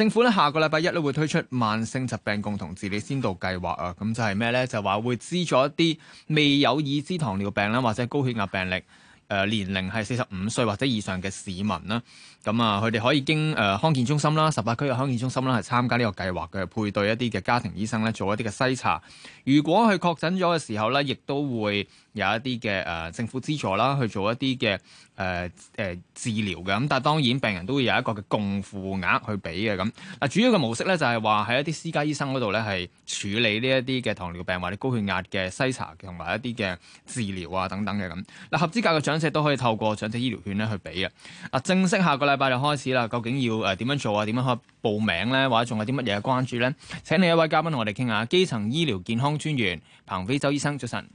政府咧下個禮拜一咧會推出慢性疾病共同治理先導計劃啊，咁就係咩呢？就話會資助一啲未有已知糖尿病啦或者高血壓病歷，誒、呃、年齡係四十五歲或者以上嘅市民啦，咁啊佢哋可以經誒康健中心啦，十八區嘅康健中心啦係參加呢個計劃嘅配對一啲嘅家庭醫生咧做一啲嘅篩查，如果佢確診咗嘅時候咧，亦都會，有一啲嘅誒政府資助啦，去做一啲嘅誒誒治療嘅咁，但係當然病人都會有一個嘅共付額去俾嘅咁嗱。主要嘅模式咧就係話喺一啲私家醫生嗰度咧係處理呢一啲嘅糖尿病或者高血壓嘅篩查同埋一啲嘅治療啊等等嘅咁嗱。合資格嘅長者都可以透過長者醫療券咧去俾嘅嗱。正式下個禮拜就開始啦，究竟要誒點樣做啊？點樣可以報名咧？或者仲有啲乜嘢關注咧？請嚟一位嘉賓同我哋傾下，基層醫療健康專員彭飛舟醫生，早晨。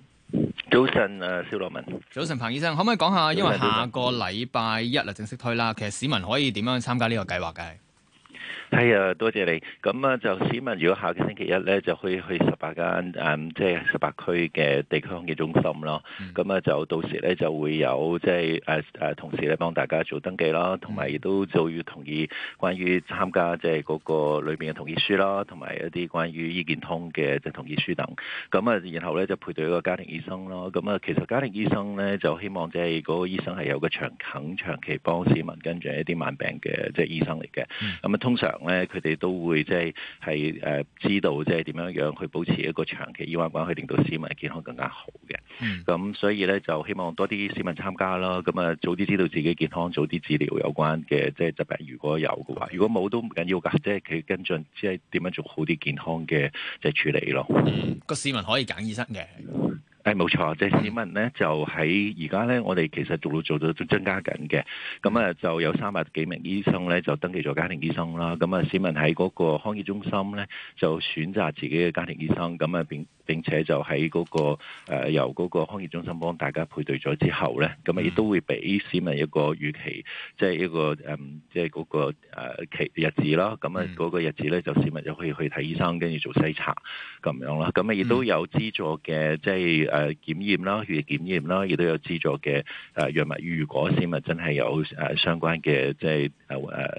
早晨，誒邵樂文。早晨，彭醫生，可唔可以講下？晨因為下個禮拜一嗱正式推啦，其實市民可以點樣參加呢個計劃嘅？係啊、哎，多謝你。咁啊，就市民如果下個星期一咧，就可以去十八間即係十八區嘅地區康健中心咯。咁啊、嗯，就到時咧就會有即係、誒誒、同事咧幫大家做登記啦，同埋亦都就要同意關於參加即係嗰個裏面嘅同意書啦，同埋一啲關於醫健通嘅即係同意書等。咁啊，然後咧就配對一個家庭醫生咯。咁啊，其實家庭醫生咧就希望即係嗰個醫生係有個長肯長期幫市民跟住一啲慢病嘅即係醫生嚟嘅。咁啊、嗯，通常。咧，佢哋都會即係係誒知道，即係點樣樣去保持一個長期醫患關係去令到市民嘅健康更加好嘅。咁、嗯嗯、所以咧，就希望多啲市民參加啦。咁啊，早啲知道自己健康，早啲治療有關嘅即係疾病。如果有嘅話，如果冇都唔緊要噶，即係佢跟進，即係點樣做好啲健康嘅即係處理咯。嗯，個市民可以揀醫生嘅。嗯誒，冇錯，即係市民咧就喺而家咧，我哋其實做到做到都增加緊嘅。咁啊，就有三百幾名醫生咧就登記咗家庭醫生啦。咁啊，市民喺嗰個康健中心咧就選擇自己嘅家庭醫生。咁啊，並並且就喺嗰、嗰個、呃、由嗰個康健中心幫大家配對咗之後咧，咁啊亦都會俾市民一個預期，即係一個誒、嗯，即係、那、嗰個、呃、期日子啦。咁啊，嗰個日子咧就市民就可以去睇醫生，跟住做篩查咁樣啦。咁啊，亦都有資助嘅，即係。誒，檢驗啦，血液檢驗啦，亦都有資助嘅誒藥物。如果市民真係有誒相關嘅即係誒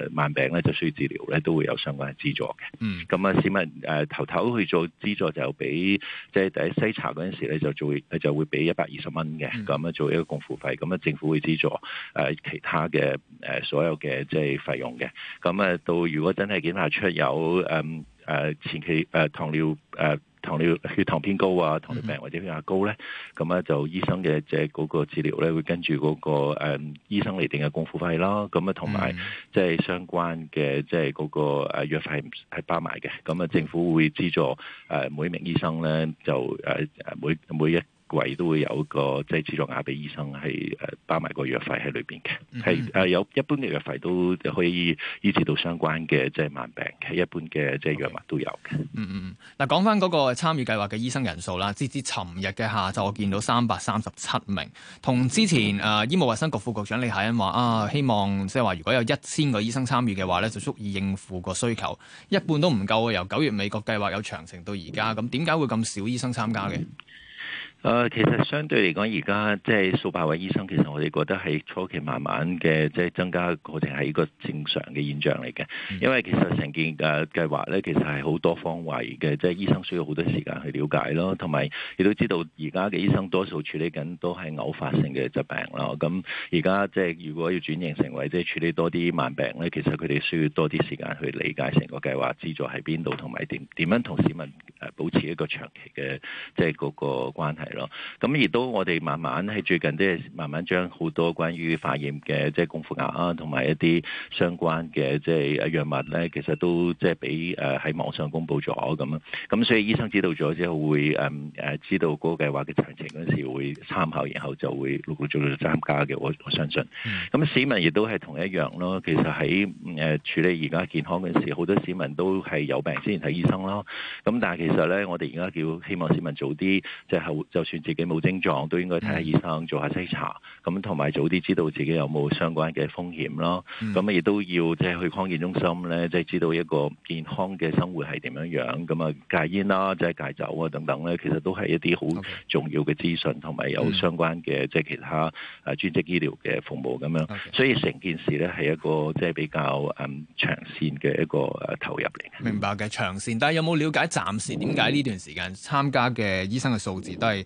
誒慢病咧，就需要治療咧，都會有相關嘅資助嘅。嗯，咁啊，市民誒頭頭去做資助就俾即係第一篩查嗰陣時咧就做就會俾一百二十蚊嘅，咁樣、嗯、做一個共付費，咁啊政府會資助誒其他嘅誒所有嘅即係費用嘅。咁啊，到如果真係檢出有誒誒前期誒糖尿誒。呃糖尿、血糖偏高啊，糖尿病或者血壓高咧，咁咧，mm hmm。就醫生嘅即係嗰個治療咧，會跟住嗰、嗰個誒、嗯、醫生嚟定嘅共付費啦。咁，那個、啊，同埋即係相關嘅即係嗰個誒藥費係包埋嘅。咁啊，政府會資助誒每名醫生咧，就誒每每一。位都會有一個即係資助額俾醫生係誒、呃、包埋個藥費喺裏邊嘅，係誒有一般嘅藥費都可以醫治到相關嘅即係慢病嘅，一般嘅即係藥 Okay. 物都有嘅、嗯。嗯嗯，嗱講翻嗰個參與計劃嘅醫生人數啦，截至尋日嘅下晝，我見到三百三十七名，同之前誒、呃、醫務衛生局副，副局長李夏茵話啊，希望即係話如果有一千個醫生參與嘅話咧，就足以應付個需求，一半都唔夠啊。由九月尾個計劃有長程到而家，咁點解會咁少醫生參加嘅？嗯。啊，其實相對嚟講，而家即係數百位醫生，其實我哋覺得係初期慢慢嘅，即係增加過程係一個正常嘅現象嚟嘅。因為其實成件嘅計劃咧，其實係好多方位嘅，即係醫生需要好多時間去了解咯，同埋亦都知道而家嘅醫生多數處理緊都係偶發性嘅疾病咯。咁而家即係如果要轉型成為即係處理多啲慢病咧，其實佢哋需要多啲時間去理解成個計劃資助喺邊度，同埋點點樣同市民誒保持一個長期嘅即係嗰個關係。咁亦都我哋慢慢喺最近即係慢慢將好多關於化驗嘅即係功夫牙啊，同埋一啲相關嘅即係藥物咧，其實都即係俾誒喺網上公布咗咁樣，咁所以醫生知道咗之後會誒誒知道嗰個計劃嘅詳情嗰陣時會參考，然後就會陸續做參加嘅。我我相信，咁市民亦都係同一樣咯。其實喺誒處理而家健康嗰陣時，好多市民都係有病先睇醫生咯。咁但係其實咧，我哋而家叫希望市民早啲即係就。算自己冇症狀，都應該睇下醫生做下篩查，咁同埋早啲知道自己有冇相關嘅風險咯。咁亦、嗯、都要即係去康健中心咧，即係知道一個健康嘅生活係點樣樣。咁啊戒煙啦，即係戒酒啊等等咧，其實都係一啲好重要嘅資訊，同埋 Okay. 有相關嘅即係其他啊專職醫療嘅服務咁樣。Okay. 所以成件事咧係一個即係比較嗯長線嘅一個誒投入嚟。明白嘅長線，但係有冇了解？暫時點解呢段時間參加嘅醫生嘅數字都係。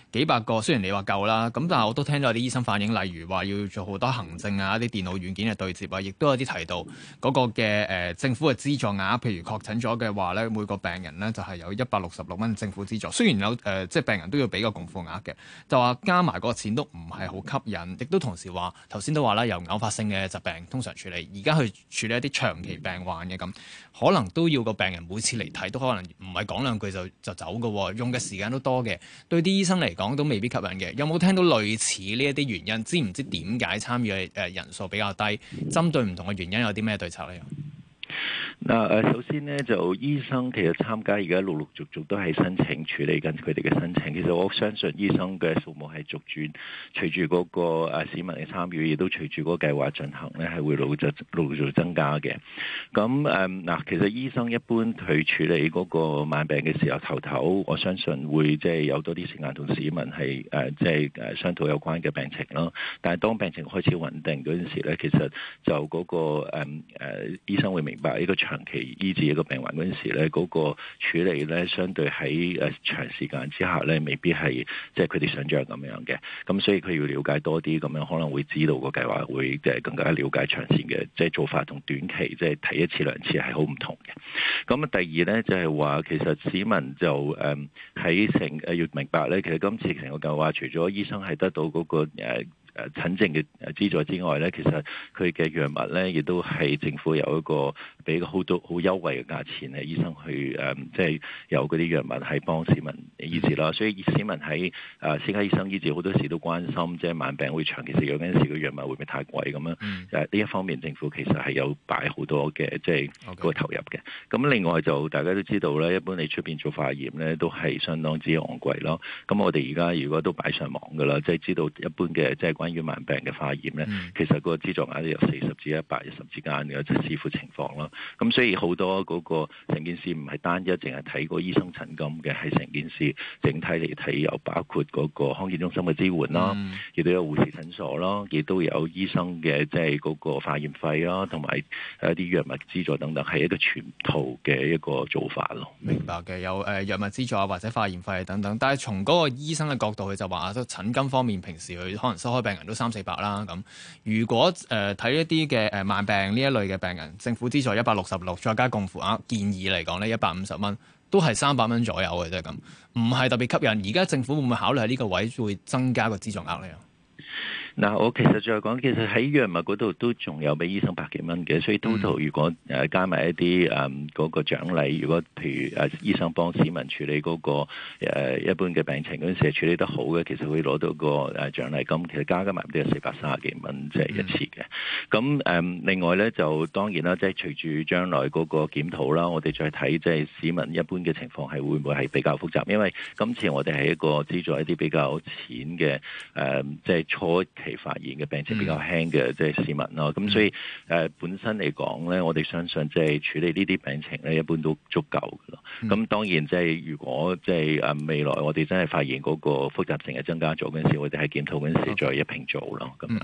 幾百個，雖然你話夠啦，咁但係我都聽到有啲醫生反映，例如話要做好多行政啊，一啲電腦軟件嘅對接啊，亦都有啲提到嗰個嘅誒、呃、政府嘅資助額，譬如確診咗嘅話呢，每個病人呢就係有一百六十六蚊政府資助。雖然有誒、呃，即係病人都要俾個共付額嘅，就話加埋嗰個錢都唔係好吸引，亦都同時話頭先都話啦，由偶發性嘅疾病通常處理，而家去處理一啲長期病患嘅咁，可能都要個病人每次嚟睇都可能唔係講兩句就就走嘅、哦，用嘅時間都多嘅，對啲醫生嚟講。講都未必吸引嘅，有冇聽到類似呢一啲原因？知唔知點解參與嘅誒人數比較低？針對唔同嘅原因，有啲咩對策咧？嗱，首先呢，就醫生其實參加，而家陸陸續續都係申請處理緊佢哋嘅申請。其實我相信醫生嘅數目係逐漸隨住嗰個市民嘅參與，亦都隨住嗰個計劃進行咧，係會陸續陸續增加嘅。咁嗱，其實醫生一般佢處理嗰個慢病嘅時候，頭頭我相信會即係有多啲時間同市民係誒即係誒商討有關嘅病情咯。但係當病情開始穩定嗰陣時咧，其實就嗰個、誒、誒、醫生會明白呢個長期醫治一個病患嗰陣時咧，嗰個處理咧相對喺誒長時間之下咧，未必係即係佢哋想象咁樣嘅。咁所以佢要了解多啲，咁樣可能會知道個計劃會誒更加了解長線嘅即係做法，同短期即係睇一次兩次係好唔同嘅。咁啊，第二咧就係話，其實市民就誒喺成誒要明白咧，其實今次成個計劃除咗醫生係得到嗰個誒。診症嘅資助之外咧，其實佢嘅藥物咧，亦都係政府有一個俾個好多好優惠嘅價錢咧，醫生去誒，即係有嗰啲藥物係幫市民醫治啦。所以市民喺誒私家醫生醫治好多時都關心，即係慢病會長期食藥嗰陣時個藥物會唔會太貴咁樣？誒呢一方面政府其實係有擺好多嘅，即係個投入嘅。咁另外就大家都知道咧，一般你出邊做化驗咧都係相當之昂貴咯。咁我哋而家如果都擺上網噶啦，即係知道一般嘅即係關於慢病嘅化驗咧，嗯、其實個資助額都有四十至一百一十之間嘅，即係視乎情況啦。咁所以好多嗰個成件事唔係單一，淨係睇個醫生診金嘅，係成件事整體嚟睇，又包括嗰個康健中心嘅支援啦，亦都、嗯、有護士診所啦，亦都有醫生嘅即係嗰個化驗費啊，同埋一啲藥物資助等等，係一個全套嘅一個做法咯。明白嘅，有誒藥物資助或者化驗費等等，但係從嗰個醫生嘅角度佢就話，都診金方面，平時佢可能收開病病人都三四百啦，咁如果誒睇、呃、一啲嘅誒慢病呢一類嘅病人，政府資助一百六十六，再加共付額建議嚟講呢一百五十蚊，都係三百蚊左右嘅啫，咁唔係特別吸引。而家政府會唔會考慮喺呢個位置會增加個資助額啊？嗱，我其實再係講，其實喺藥物嗰度都仲有俾醫生百幾蚊嘅，所以 total 如果誒加埋一啲誒嗰個獎勵，如果譬如誒、啊、醫生幫市民處理嗰、那個、啊、一般嘅病情，嗰陣時處理得好嘅，其實會攞到個誒、啊、獎勵。咁其實加加埋都係四百三十幾蚊，即係一次嘅。咁誒、嗯嗯、另外咧就當然啦，即係隨住將來嗰個檢討啦，我哋再睇即係市民一般嘅情況係會唔會係比較複雜？因為今次我哋係一個資助一啲比較淺嘅誒，即係初，就是其發現嘅病情比較輕嘅，嗯、即係市民咯。咁所以誒、嗯呃、本身嚟講咧，我哋相信即係處理呢啲病情咧，一般都足夠嘅咯。咁、嗯、當然即係如果即係誒未來我哋真係發現嗰個複雜性嘅增加咗嗰陣時，我哋喺檢討嗰陣時再一併做咯。咁樣，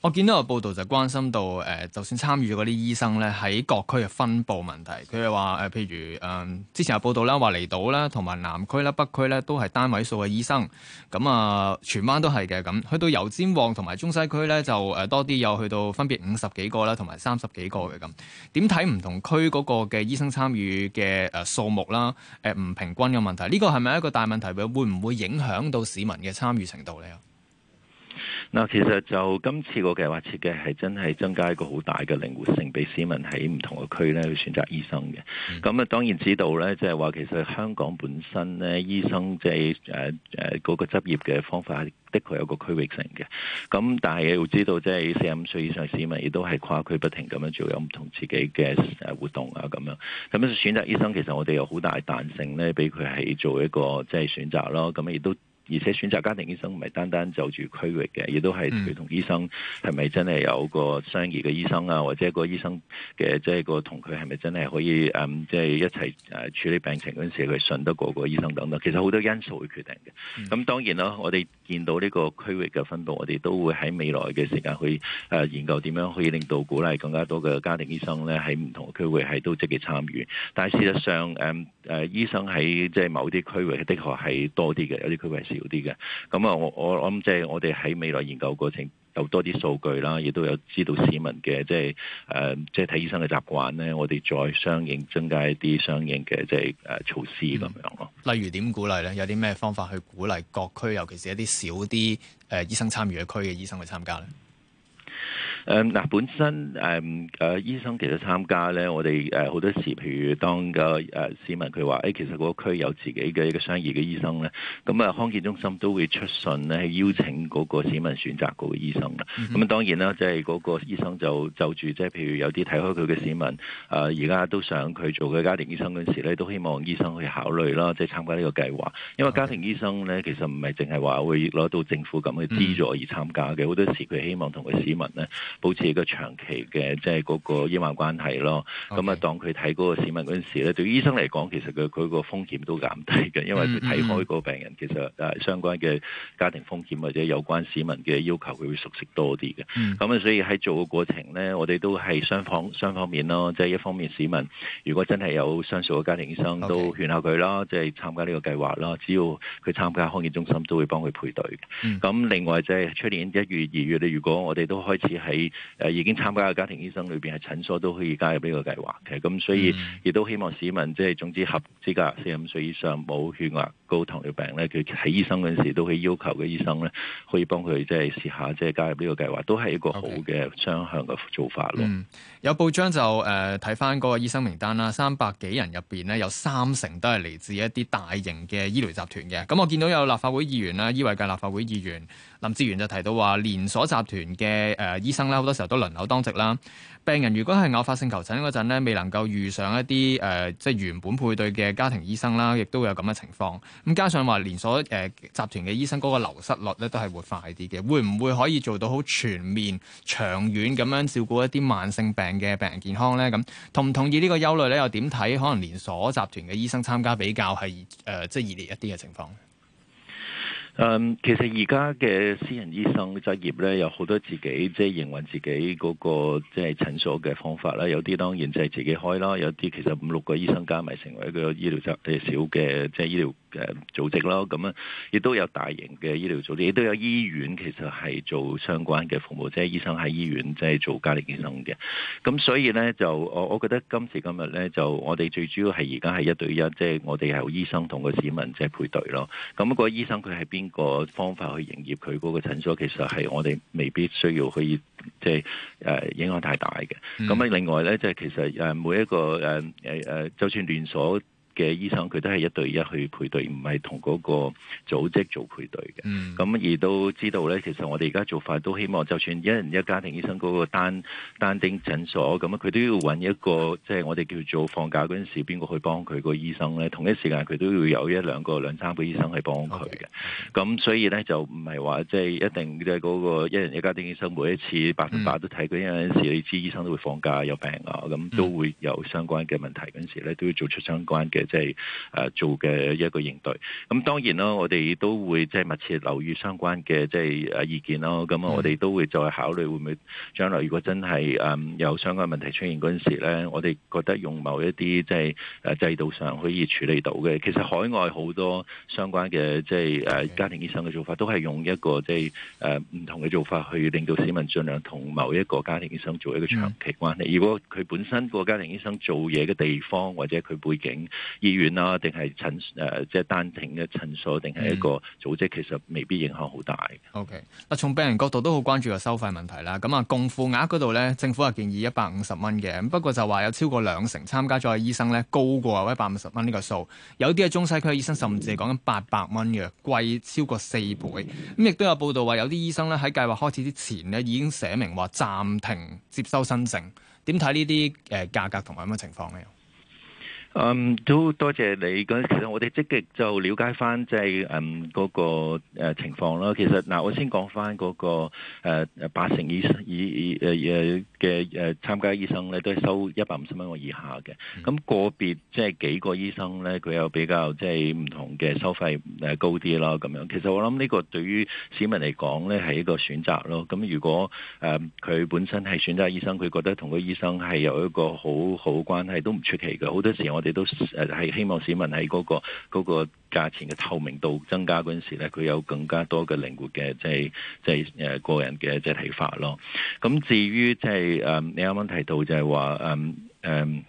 我見到個報道就關心到誒、呃，就算參與嗰啲醫生咧喺各區嘅分佈問題，佢哋話誒，譬、呃、如誒、呃、之前有報道啦，話離島啦，同埋南區啦、北區咧都係單位數嘅醫生，咁啊荃灣都係嘅，咁去到油尖旺。同埋中西區咧就多啲，有去到分別五十幾個啦，同埋三十幾個嘅咁。點睇唔同區嗰個嘅醫生參與嘅數目啦？唔平均嘅問題，呢個係咪一個大問題？會唔會影響到市民嘅參與程度咧？嗱，Now, 其實就今次個計劃設計係真係增加一個好大嘅靈活性，俾市民喺唔同嘅區咧去選擇醫生嘅。咁啊，當然知道咧，即係話其實香港本身咧，醫生即係誒誒嗰個執業嘅方法係的確有個區域性嘅。咁但係你要知道，即係四十五歲以上市民亦都係跨區不停咁樣做，有唔同自己嘅誒活動啊，咁樣咁樣選擇醫生。其實我哋有好大彈性咧，俾佢係做一個即係、就是、選擇咯。咁亦都。而且選擇家庭醫生唔係單單就住區域嘅，亦都係佢同醫生係咪真係有個商業嘅醫生啊，或者個醫生嘅即係個同佢係咪真係可以誒，即、嗯、係、就是、一齊誒處理病情嗰陣時候，佢信得過個，個醫生等等。其實好多因素去決定嘅。咁當然啦，我哋見到呢個區域嘅分佈，我哋都會喺未來嘅時間去誒研究點樣可以令到鼓勵更加多嘅家庭醫生咧喺唔同嘅區域係都積極參與，但係事實上誒誒、嗯、醫生喺即係某啲區域的確係多啲嘅，有啲區域。少啲嘅，咁啊，我我諗即係我哋喺未來研究過程有多啲數據啦，亦都有知道市民嘅即係誒，即係睇醫生嘅習慣咧，我哋再相應增加一啲相應嘅即係誒措施咁樣咯。例如點鼓勵咧？有啲咩方法去鼓勵各區，尤其是一啲少啲誒醫生參與嘅區嘅醫生去參加咧？嗱、嗯，本身、嗯啊、醫生其實參加咧，我哋誒好多時，譬如當個、啊、市民佢話、欸，其實嗰區有自己嘅一個商業嘅醫生咧，咁啊康健中心都會出信咧，邀請嗰個市民選擇嗰個醫生啦。咁、啊、當然啦，即係嗰個醫生就就住即係譬如有啲睇開佢嘅市民，而、啊、家都想佢做佢家庭醫生嗰陣時咧，都希望醫生去考慮啦，即係參加呢個計劃。因為家庭醫生咧其實唔係淨係話會攞到政府咁去資助而參加嘅，好、嗯、多時佢希望同個市民咧。保持一個長期嘅即係嗰個醫患關係咯。咁啊，當佢睇嗰個市民嗰陣時咧，對於醫生嚟講，其實佢佢個風險都減低嘅，因為佢睇開嗰個病人，mm, mm, mm, 其實誒相關嘅家庭風險或者有關市民嘅要求，佢會熟悉多啲嘅。咁啊，所以喺做個過程咧，我哋都係雙方雙方面咯，即係一方面市民，如果真係有相熟嘅家庭醫生，Okay. 都勸下佢啦，即係參加呢個計劃啦。只要佢參加康健中心，都會幫佢配對。咁、mm. 另外即係出年一月、二月你如果我哋都開始喺誒，已經參加嘅家庭醫生裏邊係診所都可以加入呢個計劃嘅，咁所以亦都希望市民即係總之合資格四十五歲以上冇血壓。高糖尿病咧，佢喺醫生嗰陣時，都可以要求嘅醫生咧，可以幫佢即係試下，即係加入呢個計劃，都係一個好嘅雙向嘅做法咯 Okay.、嗯。有報章就誒睇翻嗰個醫生名單啦，三百幾人入邊咧，有三成都係嚟自一啲大型嘅醫療集團嘅。咁我見到有立法會議員啦，醫衞界立法會議員林志源就提到話，連鎖集團嘅誒、呃、醫生咧，好多時候都輪流當值啦。病人如果係偶發性求診嗰陣咧，未能夠遇上一啲誒、呃、即係原本配對嘅家庭醫生啦，亦都有咁嘅情況。咁加上話連鎖誒集團嘅醫生嗰個流失率咧，都係會快啲嘅。會唔會可以做到好全面、長遠咁樣照顧一啲慢性病嘅病人健康咧？咁同唔同意個憂慮呢個憂慮咧？又點睇？可能連鎖集團嘅醫生參加比較係誒、呃、即係熱烈一啲嘅情況。嗯，其實而家嘅私人醫生執業咧，有好多自己即係營運自己嗰個即係診所嘅方法啦。有啲當然就係自己開啦，有啲其實五六個醫生加埋成為一個醫療質嘅小嘅即係醫療。嘅、嗯、組織咯，咁啊，亦都有大型嘅醫療組織，亦都有醫院，其實係做相關嘅服務，即係醫生喺醫院即係做家庭醫生嘅。咁所以咧，就我我覺得今時今日咧，就我哋最主要係而家係一對一，即係我哋係醫生同個市民即係配對咯。咁、嗰個醫生佢係邊個方法去營業，佢嗰個診所其實係我哋未必需要去，以即係誒、呃、影響太大嘅。咁啊、嗯，另外咧，即係其實誒每一個誒誒誒，就算連鎖。嘅醫生佢都係一對一去配對，唔係同嗰個組織做配對嘅。咁、嗯、而都知道呢，其實我哋而家做法都希望，就算一人一家庭醫生嗰個單單丁診所咁佢都要揾一個即係、就是、我哋叫做放假嗰陣時，邊個去幫佢個醫生呢？同一時間佢都要有一兩個兩三個醫生去幫佢嘅。咁 Okay. 所以呢，就唔係話即係一定即係嗰個一人一家庭醫生每一次百分百都睇嗰啲，嗰陣、嗯、時你知醫生都會放假有病啊，咁都會有相關嘅問題，嗰陣時呢都要做出相關嘅。即係誒做嘅一個應對，咁當然啦，我哋都會即係密切留意相關嘅即係誒意見咯。咁我哋都會再考慮會唔會將來如果真係誒有相關問題出現嗰陣時咧，我哋覺得用某一啲即係誒制度上可以處理到嘅。其實海外好多相關嘅即係誒家庭醫生嘅做法，都係用一個即係誒唔同嘅做法去令到市民盡量同某一個家庭醫生做一個長期關係。如果佢本身個家庭醫生做嘢嘅地方或者佢背景，醫院啦，定係診誒、呃、即係單程嘅診所，定係一個組織，其實未必影響好大。O K. 嗱，從病人角度都好關注個收費問題啦。咁啊，共付額嗰度咧，政府係建議一百五十蚊嘅。不過就話有超過兩成參加咗嘅醫生咧，高過一百五十蚊呢個數。有啲喺中西區嘅醫生甚至係講緊八百蚊嘅，貴超過四倍。咁亦都有報道話有啲醫生咧喺計劃開始之前呢，已經寫明話暫停接收申請。點睇呢啲誒價格同埋咁嘅情況呢？嗯，um, 都多謝你。嗰其實我哋積極就了解翻即係嗯嗰、那個情況啦。其實嗱、啊，我先講翻嗰個、呃、八成醫生誒嘅誒參加醫生咧，都係收一百五十蚊個以下嘅。咁、那個別即係、就是、幾個醫生咧，佢有比較即係唔同嘅收費誒高啲啦。咁樣其實我諗呢個對於市民嚟講咧，係一個選擇咯。咁如果誒佢、呃、本身係選擇醫生，佢覺得同個醫生係有一個好好關係，都唔出奇嘅。好多時我你都誒係希望市民喺嗰個嗰個價錢嘅透明度增加嗰陣時咧，佢有更加多嘅靈活嘅，即係即係誒個人嘅即係睇法咯。咁至於即係誒，你啱啱提到就係話誒誒。嗯嗯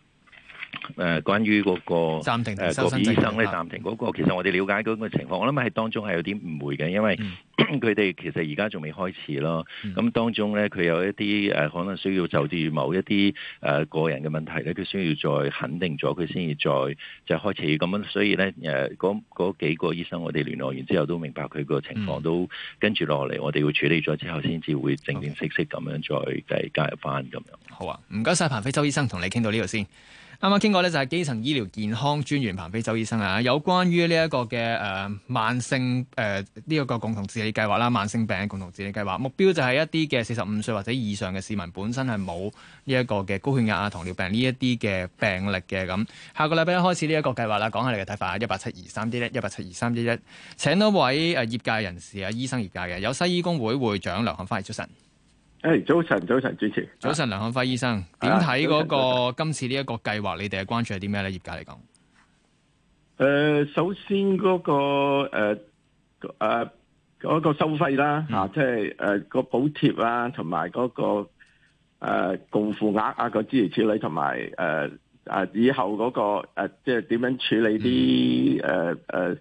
誒，關於嗰個誒嗰啲醫生咧，暫停嗰，那個，其實我哋了解嗰個情況，我諗係當中係有啲誤會嘅，因為佢哋其實而家仲未開始咯。咁，嗯、當中咧，佢有一啲誒，可能需要就住某一啲誒個人嘅問題咧，佢需要再肯定咗，佢先至再就開始咁樣。所以咧，誒嗰嗰幾個醫生，我哋聯絡完之後都明白佢個情況，嗯、都跟住落嚟，我哋會處理咗之後，先至會正正式式咁樣再就係加入返咁樣。好啊，唔該晒彭飛舟醫生，同你傾到呢度先。啱啱傾過咧，就係基層醫療健康專員彭飛舟醫生啊，有關於呢一個嘅誒慢性誒呢一個共同治理計劃啦，慢性病共同治理計劃目標就係一啲嘅四十五歲或者以上嘅市民，本身係冇呢一個嘅高血壓啊、糖尿病呢一啲嘅病歷嘅咁。下個禮拜一開始呢一個計劃啦，講下你嘅睇法，一八七二三一一八七二三一一。請多位誒業界人士啊，醫生業界嘅，有西醫工會會長梁漢輝出神。誒，hey, 早晨，早晨，主持，早晨，梁漢輝醫生，點睇嗰個今次呢一個計劃？你哋嘅關注係啲咩咧？業界嚟講，誒、呃，首先嗰、那個誒誒、呃呃那個收費啦吓，即係誒個補貼啊，同埋嗰個誒共付額啊，個支持處理同埋誒誒以後嗰個誒，即係點樣處理啲誒誒。嗯呃呃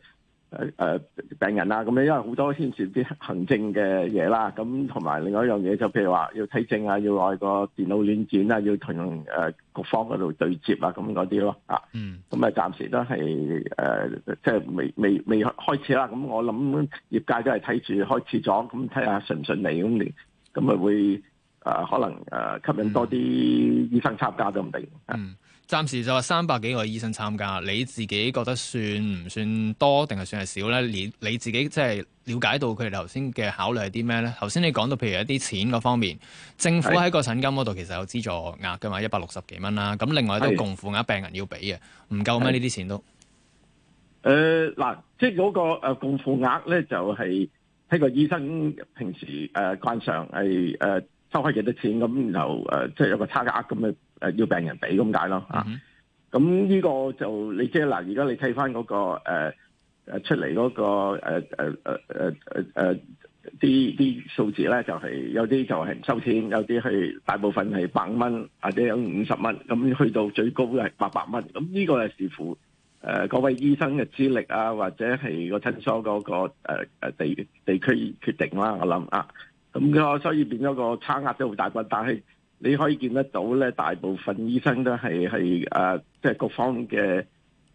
誒、呃、病人啊咁樣因為好多牽涉啲行政嘅嘢啦，咁同埋另外一樣嘢就譬如話要睇症啊，要攞個電腦軟件啊，要同誒、呃、局方嗰度對接啊，咁嗰啲咯，啊，咁啊暫時都係誒、呃、即係未未未開始啦，咁我諗業界都係睇住開始咗，咁睇下順唔順利咁，咁咪會。誒、啊、可能誒、啊、吸引多啲醫生參加都唔定。嗯，是暫時就話三百幾個醫生參加，你自己覺得算唔算多，定係算係少咧？你你自己即係了解到佢哋頭先嘅考慮係啲咩咧？頭先你講到譬如一啲錢嗰方面，政府喺個診金嗰度其實有資助額嘅嘛，一百六十幾蚊啦。咁另外都共付額病付，病人要俾嘅，唔夠咩呢啲錢都？誒嗱、呃，即係嗰、嗰個、呃嗰個呃、共付額咧，就係、是、喺個醫生平時誒、呃、慣常係誒。呃收開幾多錢咁，就誒即係有個差額咁誒，要病人俾咁解咯啊！咁呢、嗯嗯、個就你即係嗱，而家你睇翻嗰個誒出嚟嗰個誒誒誒誒誒啲啲數字咧，就係、是、有啲就係唔收錢，有啲係大部分係百蚊，或者有五十蚊，咁去到最高係八百蚊。咁呢個就視乎誒、呃、位醫生嘅資歷啊，或者係個診所嗰個誒地地區決定啦。我諗啊。咁個、嗯、所以變咗個差額都好大嘅，但係你可以見得到咧，大部分醫生都係係誒，即係、呃即係、各方嘅誒、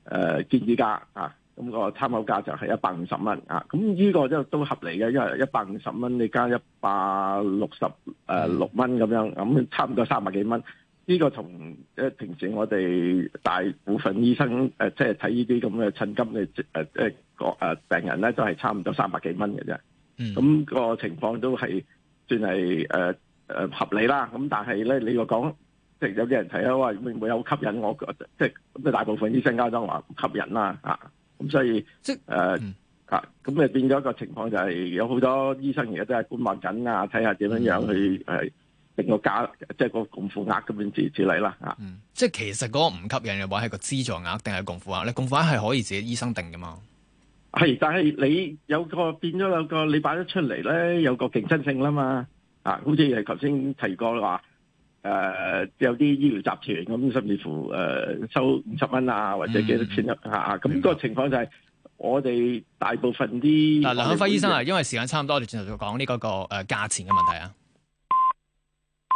呃、建議價啊，咁、個參考價就係一百五十蚊啊，咁呢個都都合理嘅，因為一百五十蚊你加一百六十誒六蚊咁樣，咁差唔多三百幾蚊。呢、個同即係平時我哋大部分醫生誒，即係睇呢啲咁嘅診金嘅誒，即係個誒病人咧都係差唔多三百幾蚊嘅啫。咁、嗯、個情況都係算係誒誒合理啦，咁但係咧你又講，即係有啲人睇下話會唔會有吸引我？即係咁，大部分醫生家都話唔吸引啦，嚇、啊！咁所以即係誒咁誒變咗個情況就係、是、有好多醫生而家都係觀望緊、嗯、啊，睇下點樣樣去誒定個價，即係個共付額咁樣治處理啦嚇、啊嗯。即係其實嗰個唔吸引嘅話係個資助額定係共付額，你共付額係可以自己醫生定噶嘛？係，但係你有個變咗有個你擺咗出嚟咧，有個競爭性啦嘛，啊，好似係頭先提過話，誒、呃，有啲醫療集團咁，甚至乎誒、呃、收五十蚊啊，或者幾多錢啊，咁、嗯、個情況就係、是嗯、我哋大部分啲啊梁漢輝醫生啊，因為時間差唔多，你哋轉頭再講呢嗰個誒價、呃、錢嘅問題啊。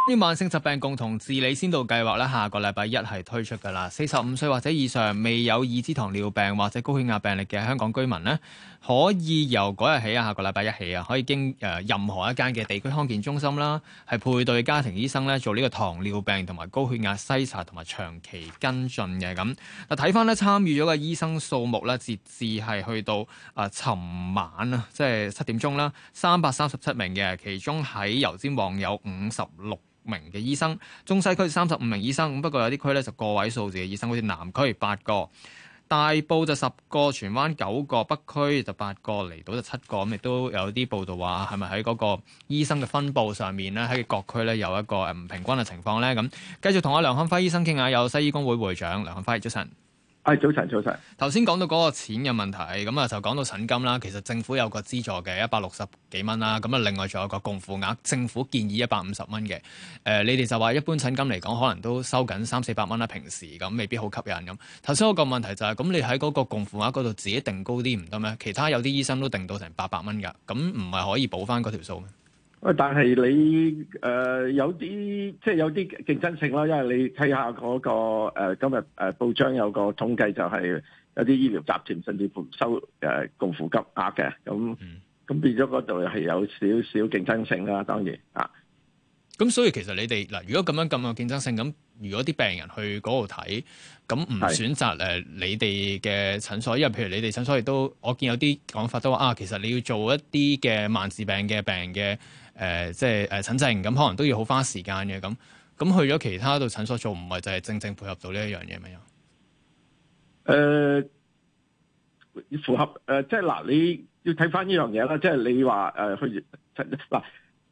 呢個慢性疾病共同治理先導計劃咧，下個禮拜一係推出噶啦。四十五歲或者以上未有已知糖尿病或者高血壓病歷嘅香港居民呢可以由嗰日起啊，下個禮拜一起啊，可以經誒任何一間嘅地區康健中心啦，係配對家庭醫生咧做呢個糖尿病同埋高血壓篩查同埋長期跟進嘅。咁嗱，睇翻呢參與咗嘅醫生數目咧，截至係去到啊尋晚啊，即係七點鐘啦，三百三十七名嘅，其中喺油尖旺有五十六。名嘅醫生，中西區三十五名醫生，咁不過有啲區咧就個位數字嘅醫生，好似南區八個，大埔就十個，荃灣九個，北區就八個，離島就七個，咁亦都有啲報道話係咪喺嗰個醫生嘅分佈上面咧，喺各區咧有一個唔平均嘅情況咧咁。繼續同阿梁漢輝醫生傾下，有西醫工會會長梁漢輝，早晨。係早晨，早晨。頭先講到嗰個錢嘅問題，咁啊就講到診金啦。其實政府有個資助嘅一百六十幾蚊啦，咁啊另外仲有個共付額，政府建議一百五十蚊嘅。誒、呃，你哋就話一般診金嚟講，可能都收緊三四百蚊啦、啊，平時咁未必好吸引咁。頭先我個問題就係、是，咁你喺嗰個共付額嗰度自己定高啲唔得咩？其他有啲醫生都定到成八百蚊噶，咁唔係可以補翻嗰條數咩？喂，但係你誒、呃、有啲即係有啲競爭性啦，因為你睇下嗰、那個、呃、今日誒、呃、報章有個統計，就係有啲醫療集團甚至乎收誒、呃、共付金額嘅，咁咁、嗯、變咗嗰度係有少少競爭性啦，當然啊。咁所以其實你哋嗱，如果咁樣咁有競爭性，咁如果啲病人去嗰度睇，咁唔選擇誒你哋嘅診所，是因為譬如你哋診所亦都，我見有啲講法都話啊，其實你要做一啲嘅慢性病嘅病嘅。誒、呃、即係誒診症咁，可能都要好花時間嘅咁。咁去咗其他度診所做，唔係就係正正配合到呢一樣嘢咩？又誒、呃、符合誒、呃，即係嗱，你要睇返呢樣嘢啦。即係你話誒去嗱，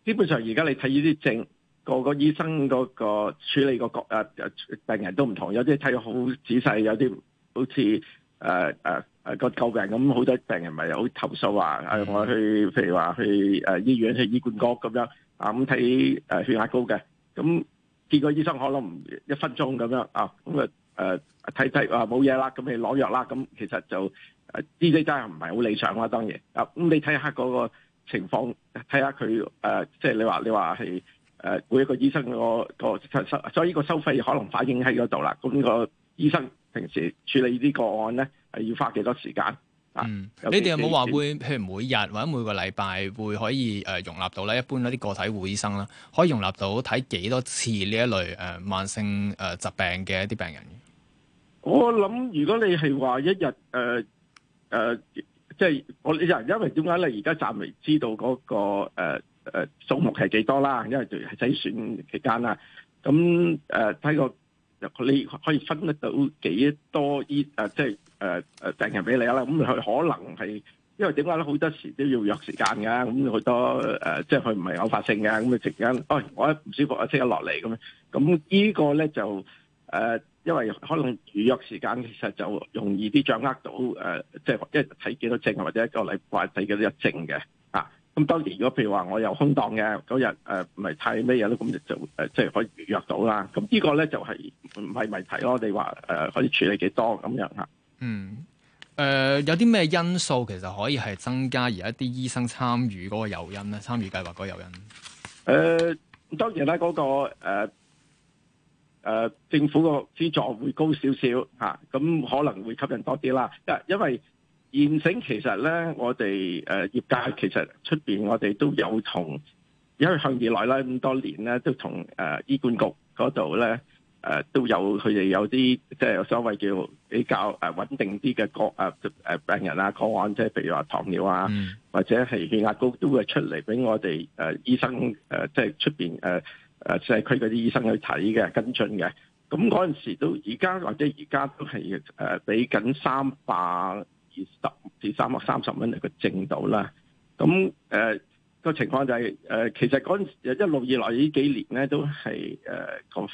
基本上而家你睇呢啲症，個個醫生嗰、嗰個處理個角、啊啊、病人都唔同，有啲睇好仔細，有啲好似。誒誒誒個舊病咁，好多病人咪好投訴話，誒我去譬如話去誒醫院去醫管局咁樣啊，咁睇誒血壓高嘅，咁見個醫生可能唔一分鐘咁樣啊，咁啊誒睇睇話冇嘢啦，咁你攞藥啦。咁其實就呢啲真係唔係好理想啦。當然啊，咁你睇下嗰個情況睇下佢，誒即係你話你話係誒每一個醫生，個個收所以個收費可能反映喺嗰度啦，咁個醫生。平時處理呢啲個案咧，係要花幾多時間啊？嗯，你哋有冇話會，譬如每日或者每個禮拜會可以誒容納到咧，一般嗰啲個體護醫生啦，可以容納到睇幾多次呢一類誒慢性誒疾病嘅一啲病人？我諗，如果你係話一日誒誒，即係我哋人因為點解咧？而家暫未知道嗰個誒誒數目係幾多啦？因為就係篩選期間啦。咁誒睇個。呃你可以分得到幾多啲誒，即係誒誒病人俾你啦。咁佢可能係因為點解咧？好多時都要約時間㗎，咁好多誒、呃，即係佢唔係偶發性㗎。咁啊，突然間，哦，我一唔舒服啊，即刻落嚟咁。咁依個咧就誒、呃，因為可能預約時間其實就容易啲掌握到誒、呃，即係一睇幾多症，或者一個禮拜睇幾多症嘅。咁當年如果譬如話我有空檔嘅嗰日，唔係、呃、太咩嘢咯，咁就即係可以預約到啦。咁呢個咧就係唔係咪睇咯？你話誒、呃、可以處理幾多咁樣嗯，誒、呃、有啲咩因素其實可以係增加而家啲醫生參與嗰個誘因咧，參與計劃嗰個誘因？誒、呃，當然呢、那個，嗰個誒政府個資助會高少少嚇，咁、啊、可能會吸引多啲啦。因為現成其實咧，我哋誒、呃、業界其實出面，我哋都有同一向以來咧，咁多年咧，都同誒、呃、醫管局嗰度咧誒都有佢哋有啲即係所謂叫比較誒穩定啲嘅、呃、病人啊，個案即係譬如話糖尿啊，mm. 或者係血壓高都會出嚟俾我哋誒、呃、醫生誒、呃、即係出面誒、呃、社區嗰啲醫生去睇嘅跟進嘅。咁嗰陣時都而家或者而家都係誒俾緊三百呃二十至三百三十蚊嚟個正度啦，咁誒個情況就係、是、誒、呃，其實嗰陣時一路以來呢幾年咧都係誒個誒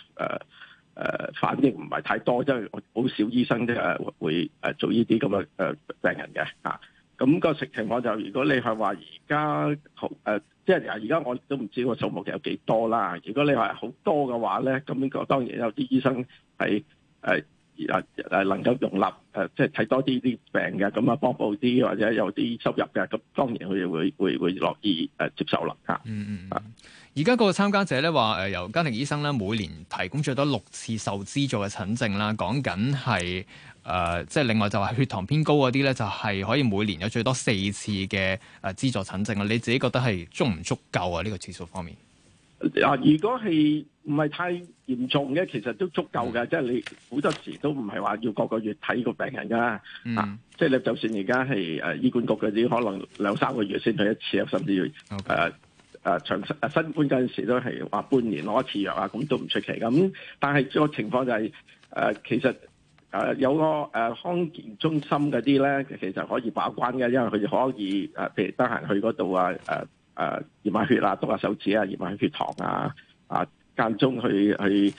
誒反應唔係太多，因為好少醫生即係會誒、呃、做呢啲咁嘅誒病人嘅吓，咁、啊那個實情況就如果你係話而家好誒，即係而家我亦都唔知個數目有幾多啦。如果你話好多嘅話咧，咁個當然有啲醫生係誒。呃啊能夠容納誒即係睇多啲啲病嘅，咁啊幫補啲或者有啲收入嘅，咁當然佢哋會會會，會樂意誒接受啦。嗯嗯嗯。而家、啊、個參加者咧話誒由家庭醫生咧每年提供最多六次受資助嘅診症啦，講緊係誒即係另外就話、係、血糖偏高嗰啲咧就係可以每年有最多四次嘅誒資助診症啊。你自己覺得係足唔足夠啊？呢、呢個次數方面？啊！如果係唔係太嚴重嘅，其實都足夠嘅。嗯、即係你好多時都唔係話要個個月睇個病人㗎。嗯。即係你，就算而家係誒醫管局嗰啲，可能兩三個月先去一次甚至要誒誒長誒、啊、新官嗰陣時候都係話半年攞一次藥啊，咁都唔出奇嘅。咁但係個情況就係、是、誒、啊，其實誒、啊、有個誒康健中心嗰啲咧，其實可以把關嘅，因為佢哋可以誒，譬如得閒去嗰度啊，誒。啊誒，驗下血啊，督下手指啊，驗下血糖啊，啊，間中去去誒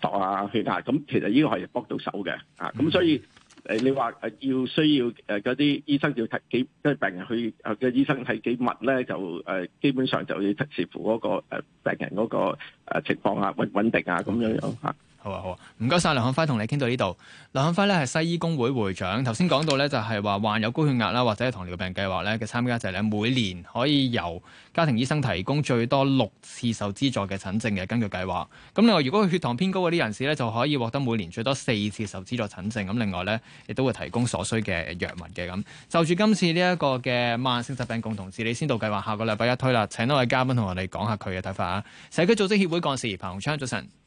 度下血壓，咁其實呢個係幫到手嘅，啊，咁所以誒你話要需要誒嗰啲醫生要睇幾即係病人去誒個醫生係幾密咧，就誒、呃、基本上就要視乎嗰個誒病人嗰個誒情況啊，穩穩定啊咁樣樣吓。好啊好啊，唔該晒梁漢輝，同你傾到呢度。梁漢輝咧係西醫工會會長，頭先講到咧就係話患有高血壓啦，或者糖尿病計劃咧嘅參加者咧，每年可以由家庭醫生提供最多六次受資助嘅診症嘅根據計劃。咁另外，如果血糖偏高嗰啲人士咧，就可以獲得每年最多四次受資助診症。咁另外咧，亦都會提供所需嘅藥物嘅咁。就住今次呢一個嘅慢性疾病共同治理先導計劃，下個禮拜一推啦，請多位嘉賓同我哋講下佢嘅睇法啊。社區組織協會幹事彭鴻昌，早晨。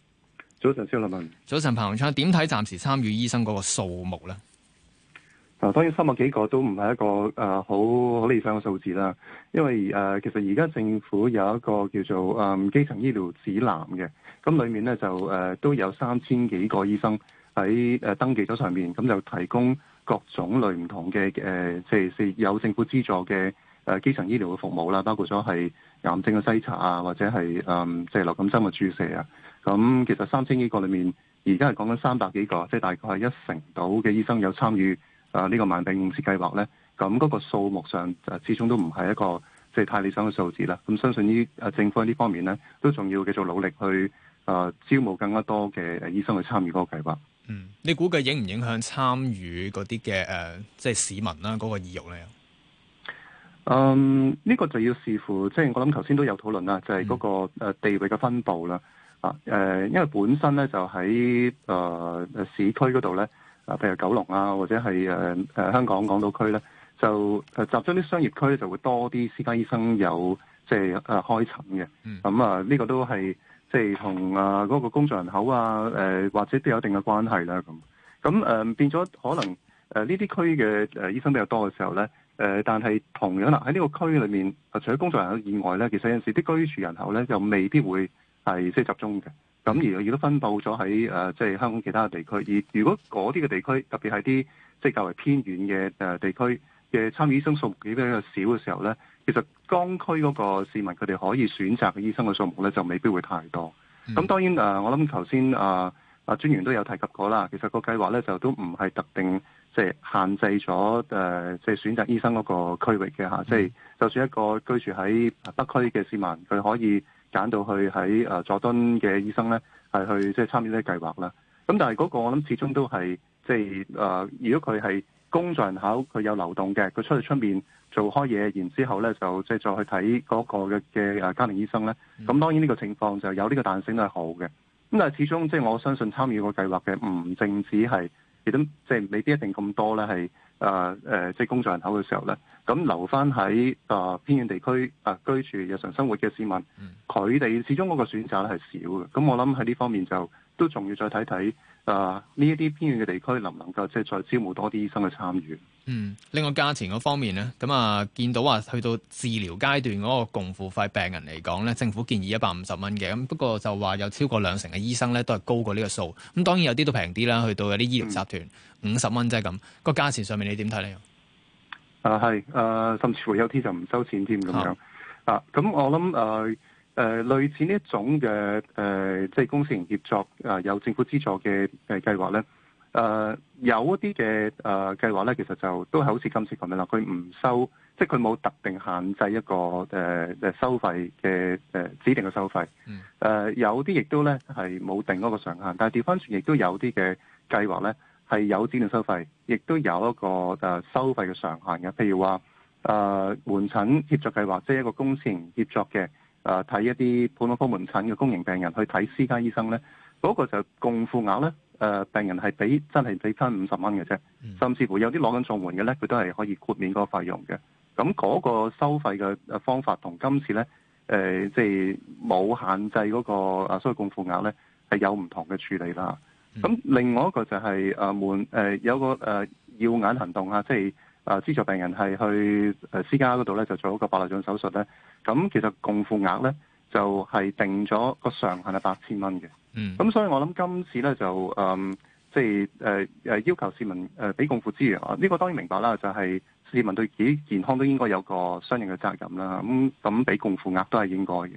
早晨，肖立文。早晨，彭鴻昌，點睇暫時參與醫生嗰個數目咧？啊，當然三百幾個都唔係一個誒好、呃、理想嘅數字啦。因為誒、呃，其實而家政府有一個叫做誒、呃、基層醫療指南嘅，咁裏面咧就誒、呃、都有三千幾個醫生喺誒、呃、登記咗上面，咁就提供各種類唔同嘅誒，即、呃、係、就是、有政府資助嘅誒、呃、基層醫療嘅服務啦，包括咗係癌症嘅篩查啊，或者係誒即係流感針嘅注射啊。咁其實三千幾個裏面，而家係講緊三百幾個，即、就、係、是、大概係一成度嘅醫生有參與誒呢個慢病共治計劃咧。咁嗰個數目上，誒、呃、始終都唔係一個即係、就是、太理想嘅數字啦。咁、嗯、相信呢誒、啊、政府喺呢方面咧，都仲要繼續努力去誒、呃、招募更加多嘅誒醫生去參與嗰個計劃。嗯，你估計影唔影響參與嗰啲嘅誒即係市民啦、啊、嗰、那個意欲咧？嗯，呢、這個就要視乎，即、就、係、是、我諗頭先都有討論啦，就係、是、嗰、那個誒、嗯、地域嘅分佈啦。啊，誒、呃，因為本身咧就喺誒、呃、市區嗰度咧，啊、呃，譬如九龍啊，或者係誒誒香港港島區咧，就誒、呃、集中啲商業區就會多啲私家醫生有即係誒、呃、開診嘅。咁、嗯、啊，呢個都係即係同啊嗰個工作人口啊，誒、呃、或者都有一定嘅關係啦。咁咁誒變咗可能誒呢啲區嘅誒醫生比較多嘅時候咧，誒、呃、但係同樣啦喺呢個區裏面，除咗工作人口以外咧，其實有陣時啲居住人口咧就未必會，係即係集中嘅，咁而如果分布咗喺即係香港其他嘅地區，而如果嗰啲嘅地區，特別係啲即係較為偏遠嘅、呃、地區嘅參與醫生數目比較少嘅時候咧，其實江區嗰個市民佢哋可以選擇嘅醫生嘅數目咧就未必會太多。咁、嗯、當然、呃、我諗頭先誒誒專員都有提及過啦。其實個計劃咧就都唔係特定即係限制咗、呃、即係選擇醫生嗰個區域嘅下、嗯、即係就算一個居住喺北區嘅市民，佢可以。揀到去喺誒佐敦嘅醫生咧，係去即係、就是、參與呢個計劃啦。咁但係嗰個我諗始終都係即係誒、呃，如果佢係工作人口，佢有流動嘅，佢出去出面做開嘢，然之後咧就即係、就是、再去睇嗰個嘅嘅誒家庭醫生咧。咁、嗯、當然呢個情況就有呢個彈性都係好嘅。咁但係始終即係、就是、我相信參與個計劃嘅唔淨止係。亦都即係未必一定咁多咧，係誒誒即係工作人口嘅時候咧，咁留翻喺誒偏遠地區誒居住日常生活嘅市民，佢哋始終嗰個選擇咧係少嘅。咁我諗喺呢方面就。都仲要再睇睇，啊呢一啲偏遠嘅地區能唔能夠即係再招募多啲醫生嘅參與？嗯，另外價錢嗰方面呢，咁啊見到話，啊、去到治療階段嗰個共付費病人嚟講呢，政府建議一百五十蚊嘅，咁不過就話有超過兩成嘅醫生呢，都係高過呢個數，咁當然有啲都平啲啦，去到有啲醫療集團五十蚊即係咁，嗯嗰個價錢上面你點睇呢？啊係、呃，啊、呃、甚至乎有啲就唔收錢添咁樣，好啊咁我諗誒。呃誒、呃、類似呢一種嘅誒、呃，即係公私營協作啊，有政府資助嘅誒、呃呃、計劃咧。誒有一啲嘅誒計劃咧，其實就都係好似今次咁樣啦。佢唔收，即係佢冇特定限制一個誒誒、呃、收費嘅誒、呃、指定嘅收費。誒、呃嗯呃、有啲亦都咧係冇定嗰個上限，但係調翻轉亦都有啲嘅計劃咧係有指定收費，亦都有一個誒、呃、收費嘅上限嘅。譬如話誒、呃、門診協作計劃，即係一個公私營協作嘅。誒睇、呃、一啲普通科門診嘅公營病人去睇私家醫生咧，嗰、那個就共付額咧。誒、呃、病人係俾真係俾翻五十蚊嘅啫，嗯、甚至乎有啲攞緊綜援嘅咧，佢都係可以豁免嗰個費用嘅。咁、那、嗰個收費嘅誒方法同今次咧，誒即係冇限制嗰、那個所謂共付額咧係有唔同嘅處理啦。咁、嗯、另外一個就係誒門誒有個誒、呃、耀眼行動啊，即係。啊、呃！資助病人係去誒、呃、私家嗰度咧，就做一個白內障手術咧。咁其實共付額咧，就係、是、定咗個上限係八千蚊嘅。嗯。咁所以我諗今次咧就誒、是，即係誒誒要求市民誒俾、呃、共付資源啊。呢、這個當然明白啦，就係、是、市民對自己健康都應該有個相應嘅責任啦。咁咁俾共付額都係應該嘅。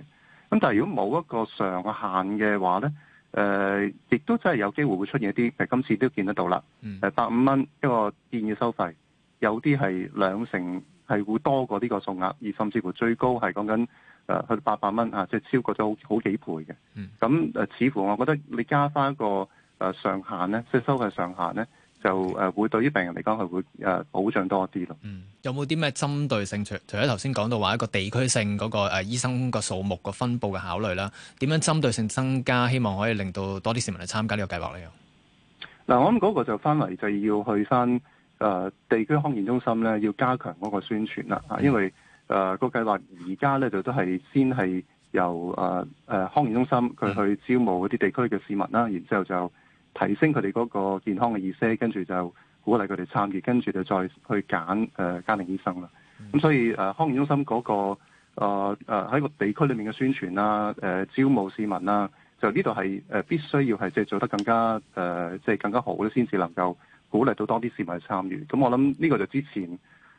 咁但係如果冇一個上限嘅話咧，誒、呃、亦都真係有機會會出現一啲，誒今次都見得到啦。嗯、mm. 呃。誒百五蚊一個建議收費。有啲係兩成，係會多過呢個數額，而甚至乎最高係講緊誒去八百蚊啊，即係超過咗好好幾倍嘅。咁誒、嗯，似乎我覺得你加翻個誒上限咧，即係收費上限咧，就誒會對於病人嚟講係會誒保障多啲咯、嗯。有冇啲咩針對性？除除咗頭先講到話一個地區性嗰個誒醫生個數目個分佈嘅考慮啦，點樣針對性增加？希望可以令到多啲市民嚟參加這個計劃呢個計劃咧。嗱，我諗嗰個就翻嚟就要去翻。誒地區康健中心咧，要加強嗰個宣傳啦，因為誒、呃那個計劃而家咧就都係先係由誒誒、呃、康健中心佢去、去招募嗰啲地區嘅市民啦，然之後就提升佢哋嗰個健康嘅意識，跟住就鼓勵佢哋參與，跟住就再去揀誒家庭醫生啦。咁、嗯、所以誒、呃、康健中心嗰、那個誒喺、呃、個地區裏面嘅宣傳啦、誒、呃、招募市民啦，就呢度係誒必須要係即係做得更加誒即係更加好咧，先至能夠。鼓勵到多啲市民去參與，咁我諗呢個就之前，誒、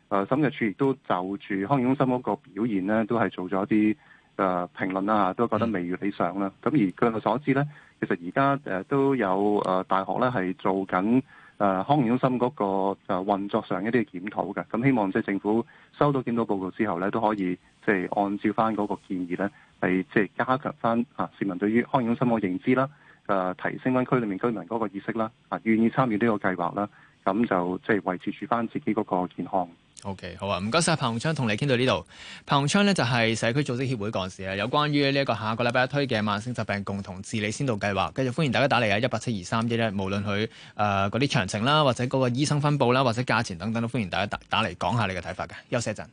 呃，審計處亦都就住康健中心嗰個表現咧，都係做咗一啲誒、呃、評論啦，都覺得未如理想啦。咁而據我所知咧，其實而家都有大學咧係做緊康健中心嗰個運作上一啲檢討嘅。咁希望即係政府收到檢討報告之後咧，都可以即係按照翻嗰個建議咧，係即係加強翻啊市民對於康健中心嘅認知啦。誒提升翻區裏面居民嗰個意識啦，啊願意參與呢個計劃啦，咁就即係維持住翻自己嗰個健康。OK，好啊，唔該晒。彭鴻昌同你傾到呢度。彭鴻昌呢，就係、是、社區組織協會幹事啊，有關於呢一個下個禮拜一推嘅慢性疾病共同治理先導計劃，繼續歡迎大家打嚟啊，一八七二三一一，無論佢誒嗰啲詳情啦，或者嗰個醫生分佈啦，或者價錢等等，都歡迎大家打打嚟講一下你嘅睇法嘅。休息一陣。